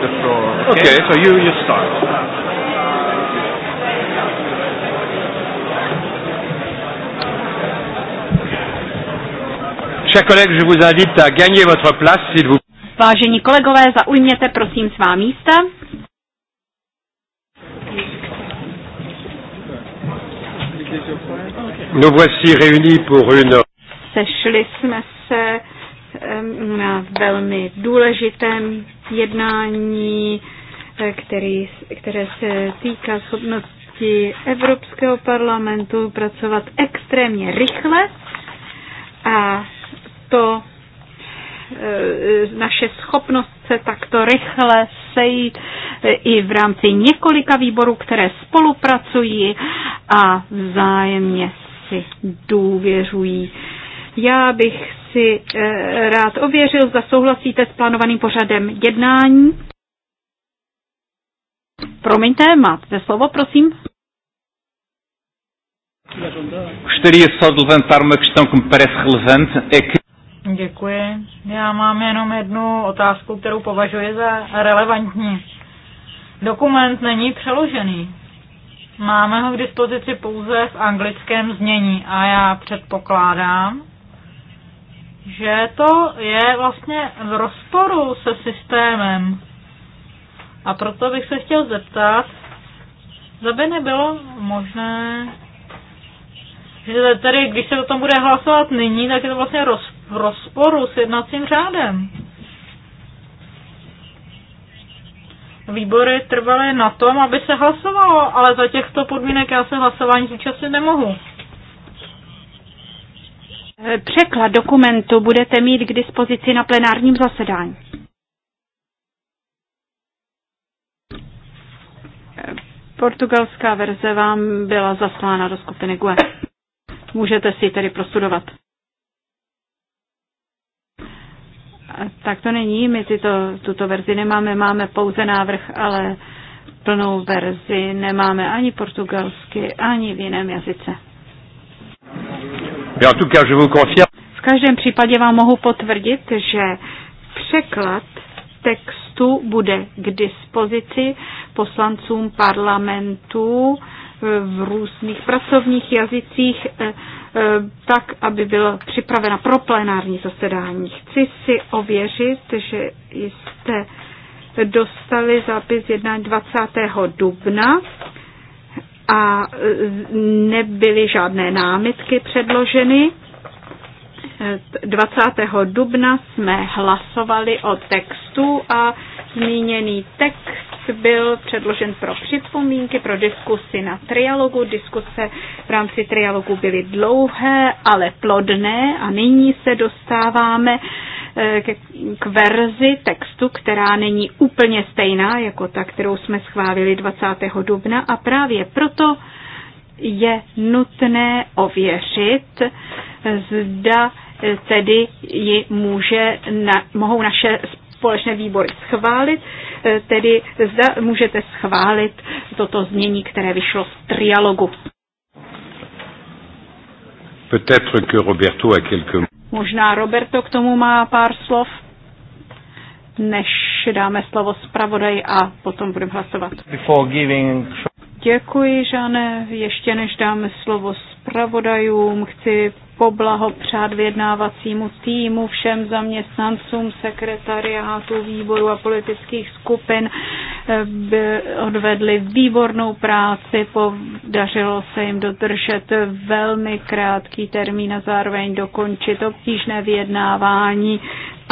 the floor. Okay? okay. So you, you start. Chers collègues, je vous invite à gagner votre place, s'il vous plaît. Vážení kolegové, zaujměte prosím svá místa. Nous voici réunis pour une... Sešli jsme se um, na velmi důležitém jednání, eh, který, které se týká schopnosti Evropského parlamentu pracovat extrémně rychle a to eh, naše schopnost se takto rychle sejít eh, i v rámci několika výborů, které spolupracují a vzájemně si důvěřují. Já bych si eh, rád ověřil, zda souhlasíte s plánovaným pořadem jednání. Promiňte, máte slovo, prosím. Gostaria Děkuji. Já mám jenom jednu otázku, kterou považuji za relevantní. Dokument není přeložený. Máme ho k dispozici pouze v anglickém znění a já předpokládám, že to je vlastně v rozporu se systémem. A proto bych se chtěl zeptat, zda by nebylo možné, že tady, když se o tom bude hlasovat nyní, tak je to vlastně roz, v rozporu s jednacím řádem. Výbory trvaly na tom, aby se hlasovalo, ale za těchto podmínek já se hlasování zúčastnit nemohu. Eh, překlad dokumentu budete mít k dispozici na plenárním zasedání. Portugalská verze vám byla zaslána do skupiny GUE. Můžete si ji tedy prostudovat. Eh, tak to není, my tyto, tuto verzi nemáme, máme pouze návrh, ale plnou verzi nemáme ani portugalsky, ani v jiném jazyce. V každém případě vám mohu potvrdit, že překlad textu bude k dispozici poslancům parlamentu eh, v různých pracovních jazycích, eh, eh, tak, aby byla připravena pro plenární zasedání. Chci si ověřit, že jste dostali zápis jednání 20. dubna a nebyly žádné námitky předloženy. 20. dubna jsme hlasovali o textu a zmíněný text byl předložen pro připomínky, pro diskusy na trialogu. Diskuse v rámci trialogu byly dlouhé, ale plodné a nyní se dostáváme Eh, k verzi textu, která není úplně stejná jako ta, kterou jsme schválili 20. dubna a právě proto je nutné ověřit, zda eh, tedy ji může, na, mohou naše společné výbory schválit, eh, tedy zda můžete schválit toto změní, které vyšlo z trialogu. Peut-être que Roberto a quelques Možná Roberto k tomu má pár slov, než dáme slovo zpravodaj a potom budeme hlasovat. Giving... Děkuji, Žane. Ještě než dáme slovo zpravodajům, chci poblahopřát vyjednávacímu týmu, všem zaměstnancům sekretariátu výboru a politických skupin odvedli výbornou práci, podařilo se jim dodržet velmi krátký termín a zároveň dokončit obtížné vyjednávání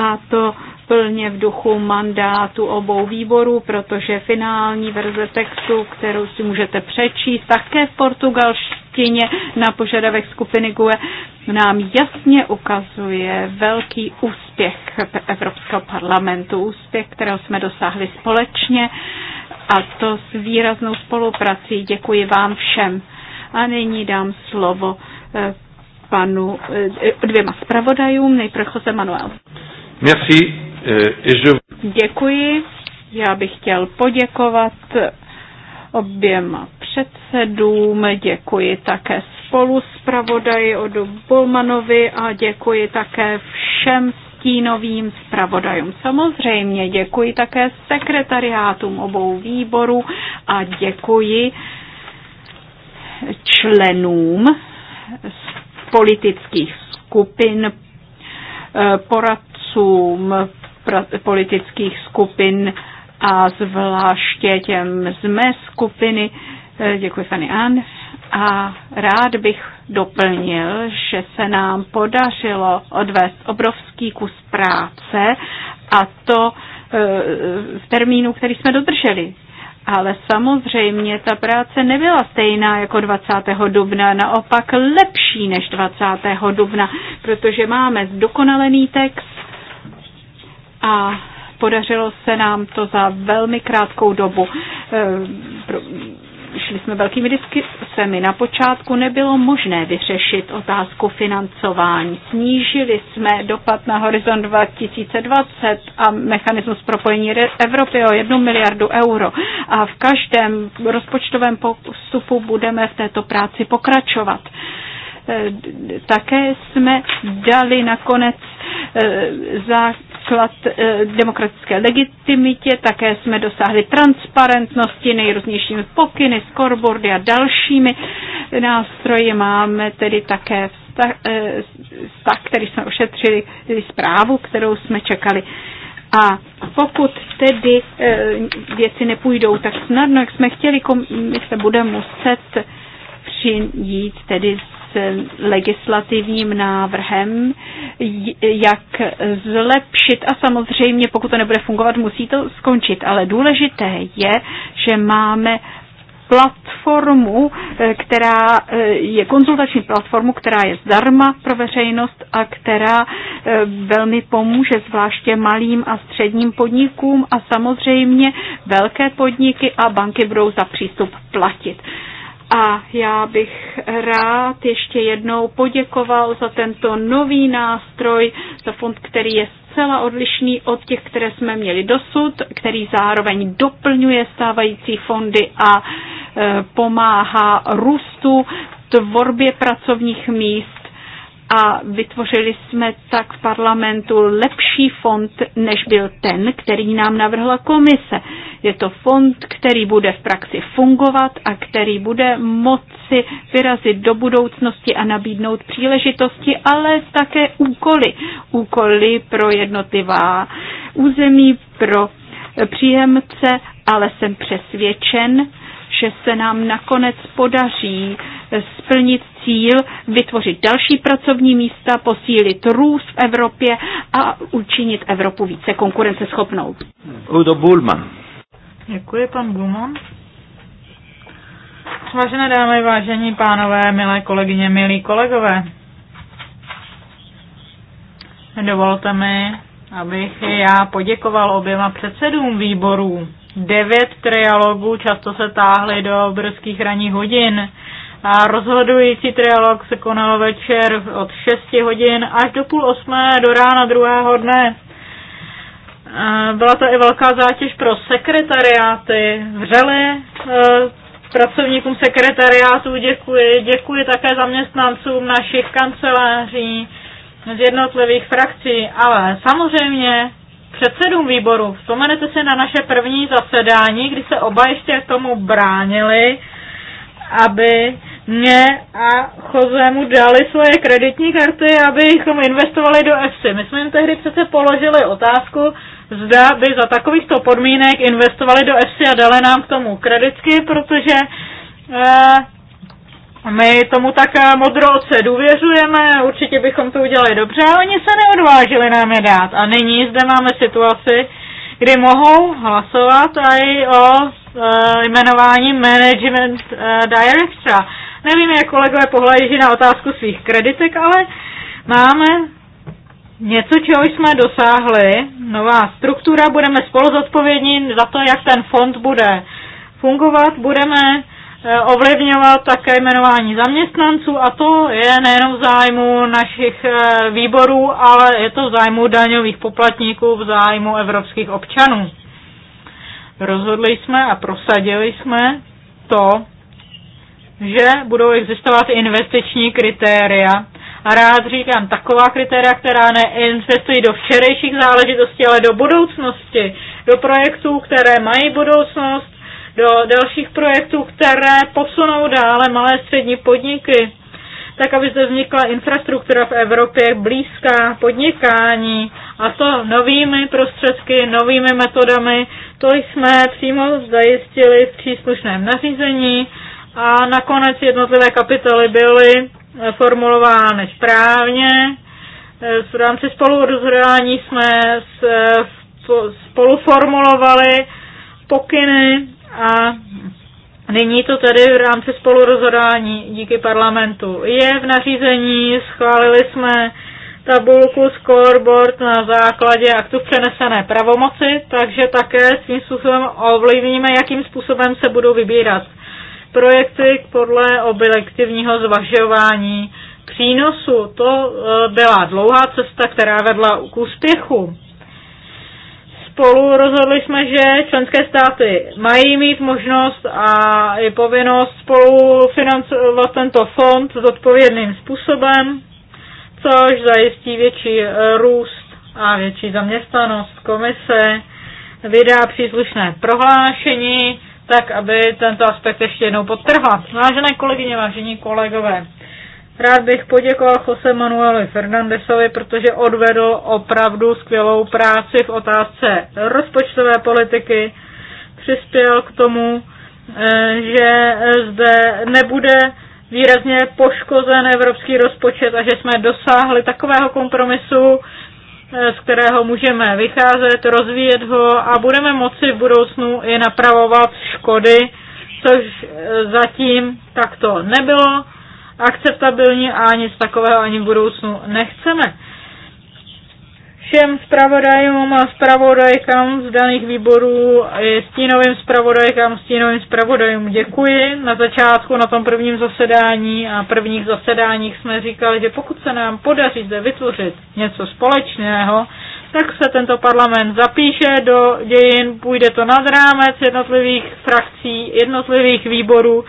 a to plně v duchu mandátu obou výborů, protože finální verze textu, kterou si můžete přečíst, také v portugalštině, listině na požadavek skupiny GUE nám jasně ukazuje velký úspěch Evropského parlamentu, úspěch, kterého jsme dosáhli společně a to s výraznou spoluprací. Děkuji vám všem. A nyní dám slovo eh, panu, eh, dvěma zpravodajům, nejprve Jose Manuel. Merci. Eh, Děkuji. Já bych chtěl poděkovat oběma předsedům, děkuji také spolu zpravodaji Odu Bulmanovi a děkuji také všem stínovým zpravodajům. Samozřejmě děkuji také sekretariátům obou výborů a děkuji členům z politických skupin, poradcům politických skupin a zvláště těm z mé skupiny, Eh, děkuji, Fanny Ann. A rád bych doplnil, že se nám podařilo odvést obrovský kus práce a to eh, v termínu, který jsme dodrželi. Ale samozřejmě ta práce nebyla stejná jako 20. dubna, naopak lepší než 20. dubna, protože máme zdokonalený text a podařilo se nám to za velmi krátkou dobu eh, Prošli jsme velkými diskusemi. Na počátku nebylo možné vyřešit otázku financování. Snížili jsme dopad na horizont 2020 a mechanismus propojení Evropy o jednu miliardu euro. A v každém rozpočtovém postupu budeme v této práci pokračovat e, také jsme dali nakonec e, za základ eh, demokratické legitimitě, také jsme dosáhli transparentnosti nejrůznějšími pokyny, scoreboardy a dalšími nástroji. Máme tedy také vztah, eh, vztah který jsme ošetřili, tedy zprávu, kterou jsme čekali. A pokud tedy eh, věci nepůjdou tak snadno, jak jsme chtěli, se bude muset přijít tedy s legislativním návrhem, jak zlepšit a samozřejmě, pokud to nebude fungovat, musí to skončit. Ale důležité je, že máme platformu, eh, která eh, je konzultační platformu, která je zdarma pro veřejnost a která eh, velmi pomůže zvláště malým a středním podnikům a samozřejmě velké podniky a banky budou za přístup platit. A já bych rád ještě jednou poděkoval za tento nový nástroj, za fond, který je zcela odlišný od těch, které jsme měli dosud, který zároveň doplňuje stávající fondy a e, pomáhá růstu, tvorbě pracovních míst a vytvořili jsme tak v parlamentu lepší fond, než byl ten, který nám navrhla komise. Je to fond, který bude v praxi fungovat a který bude moci vyrazit do budoucnosti a nabídnout příležitosti, ale také úkoly. Úkoly pro jednotlivá území, pro příjemce, ale jsem přesvědčen, že se nám nakonec podaří splnit cíl vytvořit další pracovní místa, posílit růst v Evropě a učinit Evropu více konkurenceschopnou. Udo Bulman. Děkuji, pan Bulman. Vážené dámy, vážení pánové, milé kolegyně, milí kolegové, dovolte mi, abych já poděkoval oběma předsedům výborů. Devět trialogů často se táhly do brzkých ranních hodin. A rozhodující trialog se konal večer od 6 hodin až do půl osmé do rána druhého dne. Byla to i velká zátěž pro sekretariáty. Vřele e, pracovníkům sekretariátu děkuji. Děkuji také zaměstnancům našich kanceláří z jednotlivých frakcí, ale samozřejmě předsedům výboru. Vzpomenete si na naše první zasedání, kdy se oba ještě k tomu bránili, aby mě a mu dali svoje kreditní karty, abychom investovali do EFSI. My jsme jim tehdy přece položili otázku, zda by za takovýchto podmínek investovali do EFSI a dali nám k tomu kreditky, protože e, my tomu tak eh, modroce důvěřujeme, určitě bychom to udělali dobře, ale oni se neodvážili nám je dát. A nyní zde máme situaci, kdy mohou hlasovat i o e, jmenování management e, directora. Nevím, jak kolegové pohleží na otázku svých kreditek, ale máme něco, čeho jsme dosáhli. Nová struktura, budeme spolu zodpovědní za to, jak ten fond bude fungovat, budeme eh, ovlivňovat také jmenování zaměstnanců a to je nejenom v zájmu našich eh, výborů, ale je to v zájmu daňových poplatníků, v zájmu evropských občanů. Rozhodli jsme a prosadili jsme to, že budou existovat investiční kritéria. A rád říkám, taková kritéria, která neinvestují do včerejších záležitostí, ale do budoucnosti, do projektů, které mají budoucnost, do dalších projektů, které posunou dále malé střední podniky, tak aby zde vznikla infrastruktura v Evropě blízká podnikání a to novými prostředky, novými metodami. To jsme přímo zajistili v příslušném nařízení a nakonec jednotlivé kapitoly byly eh, formulovány správně. Eh, v rámci spolurozhodování jsme eh, spoluformulovali pokyny a nyní to tedy v rámci spolurozhodování díky parlamentu je v nařízení. Schválili jsme tabulku scoreboard na základě aktu přenesené pravomoci, takže také svým způsobem ovlivníme, jakým způsobem se budou vybírat projekty podle objektivního zvažování přínosu. To e, byla dlouhá cesta, která vedla k úspěchu. Spolu rozhodli jsme, že členské státy mají mít možnost a i povinnost spolufinancovat tento fond zodpovědným způsobem, což zajistí větší e, růst a větší zaměstnanost komise vydá příslušné prohlášení tak aby tento aspekt ještě jednou podtrhla. Vážené kolegyně, vážení kolegové, rád bych poděkoval Jose Manueli Fernandesovi, protože odvedl opravdu skvělou práci v otázce rozpočtové politiky, přispěl k tomu, eh, že zde nebude výrazně poškozen evropský rozpočet a že jsme dosáhli takového kompromisu, z kterého můžeme vycházet, rozvíjet ho a budeme moci v budoucnu i napravovat škody, což e, zatím takto nebylo akceptabilní a nic takového ani v budoucnu nechceme všem zpravodajům a zpravodajkám z daných výborů, stínovým zpravodajkám, stínovým zpravodajům děkuji. Na začátku, na tom prvním zasedání a prvních zasedáních jsme říkali, že pokud se nám podaří zde vytvořit něco společného, tak se tento parlament zapíše do dějin, půjde to nad rámec jednotlivých frakcí, jednotlivých výborů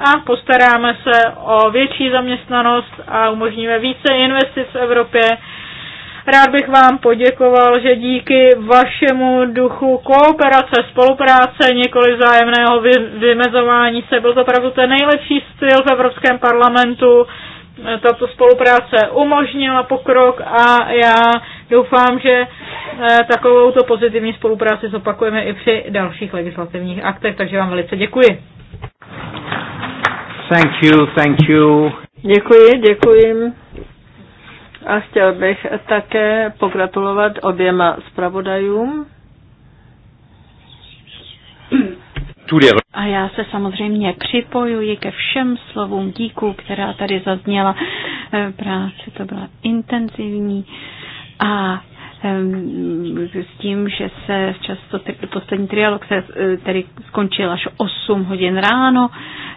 a postaráme se o větší zaměstnanost a umožníme více investic v Evropě Rád bych vám poděkoval, že díky vašemu duchu kooperace, spolupráce, nikoli zájemného vymezování se, byl to opravdu ten nejlepší styl v Evropském parlamentu. Tato spolupráce umožnila pokrok a já doufám, že eh, takovouto pozitivní spolupráci zopakujeme i při dalších legislativních aktech, takže vám velice děkuji. Thank you, thank you. Děkuji, děkuji a chtěl bych také pogratulovat oběma zpravodajům. A já se samozřejmě připojuji ke všem slovům díků, která tady zazněla. Eh, práce to byla intenzivní a eh, s tím, že se často poslední trialog se eh, tedy skončil až 8 hodin ráno,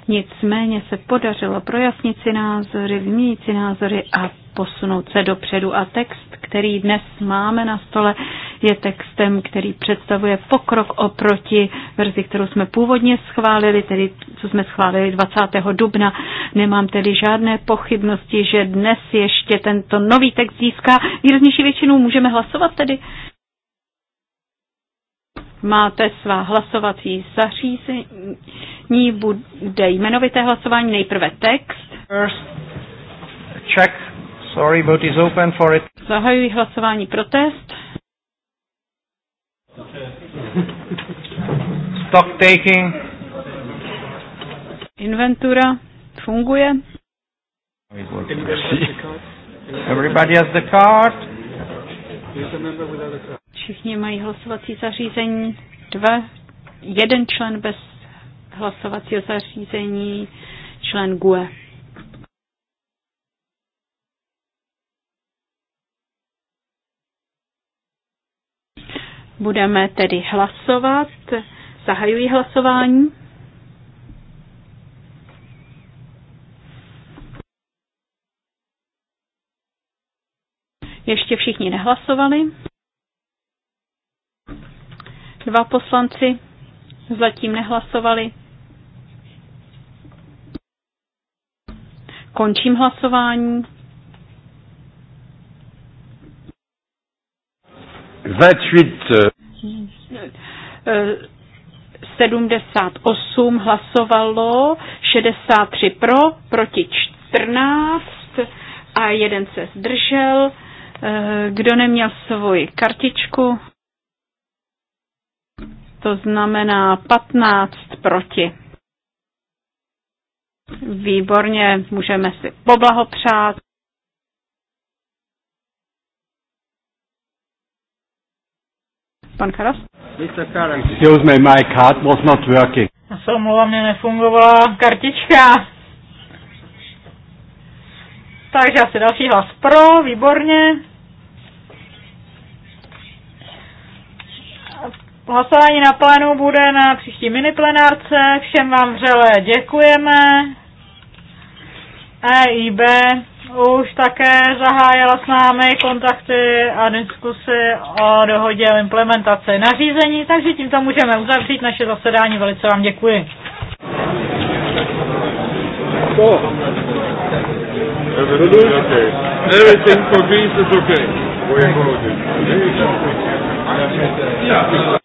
nicméně se podařilo projasnit si názory, vyměnit si názory a posunout se dopředu. A text, který dnes máme na stole, je textem, který představuje pokrok oproti verzi, kterou jsme původně schválili, tedy co jsme schválili 20. dubna. Nemám tedy žádné pochybnosti, že dnes ještě tento nový text získá výraznější většinu. Můžeme hlasovat tedy? máte svá hlasovací zařízení, bude jmenovité hlasování, nejprve text. First, check. Sorry, but is open for it. Zahajuji hlasování protest. Stock taking. Inventura funguje. Everybody has the card. Všichni mají hlasovací zařízení. Dva, jeden člen bez hlasovacího zařízení, člen GUE. Budeme tedy hlasovat. Zahajuji hlasování. Ještě všichni nehlasovali. Dva poslanci zatím nehlasovali. Končím hlasování. 28. 78 euh. hlasovalo, 63 pro, proti 14 a jeden se zdržel. Eh, kdo neměl svoji kartičku? To znamená 15 proti. Výborně, můžeme si poblahopřát. Pan Karas? Karas. Excuse me, my card was not working. Já se omlouvám, mě nefungovala kartička. Takže asi další hlas pro, výborně. Hlasování na plénu bude na příští miniplenárce. Všem vám vřele děkujeme. EIB už také zahájila s námi kontakty a diskusy o dohodě o implementaci nařízení, takže tímto můžeme uzavřít naše zasedání. Velice vám děkuji. So. Everything Everything for Greece is okay. Yeah.